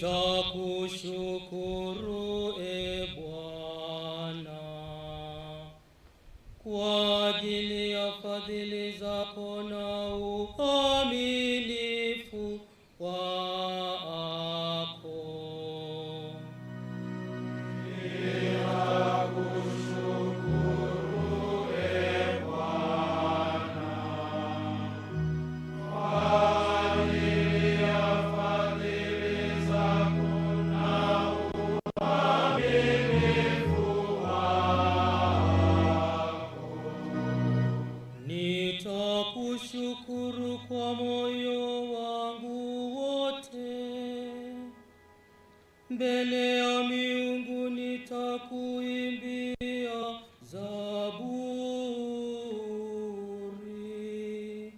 たくしゅくる kushukuru kwa moyo wangu wote, mbele ya miungu nitakuimbia zaburi,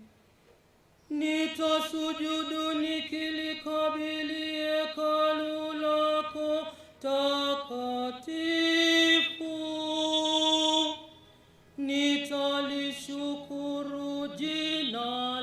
nitasujudu nikilikabili hekalu lako takatifu, nitalishukuru de nós.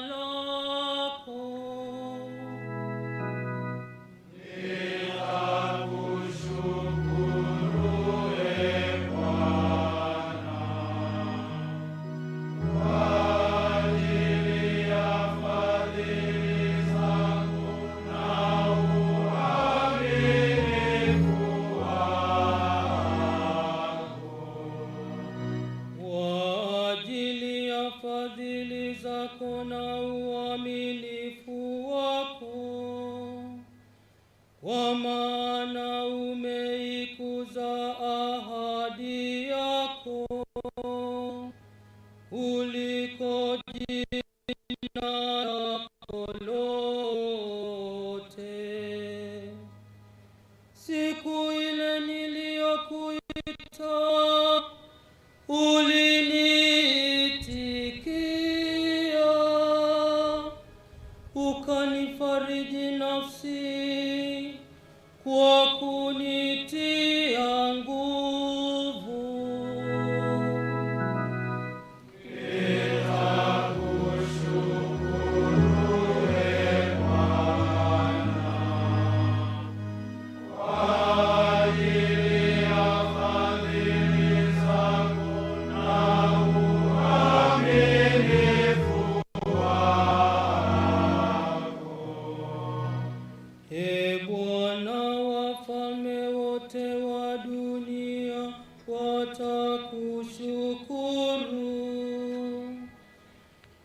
fadhili zako na uaminifu wako, kwa maana umeikuza ahadi yako kuliko jina lako lote. Siku ile niliyokuita Opportunity. wafalme wote wa dunia watakushukuru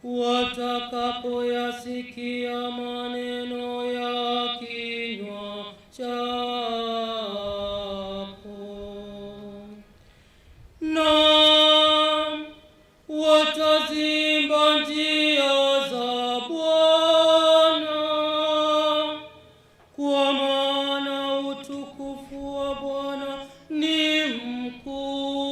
watakapo watakapoyasikia maneno ya kinywa chako na watazimba njia kuwa Bwana ni mkuu.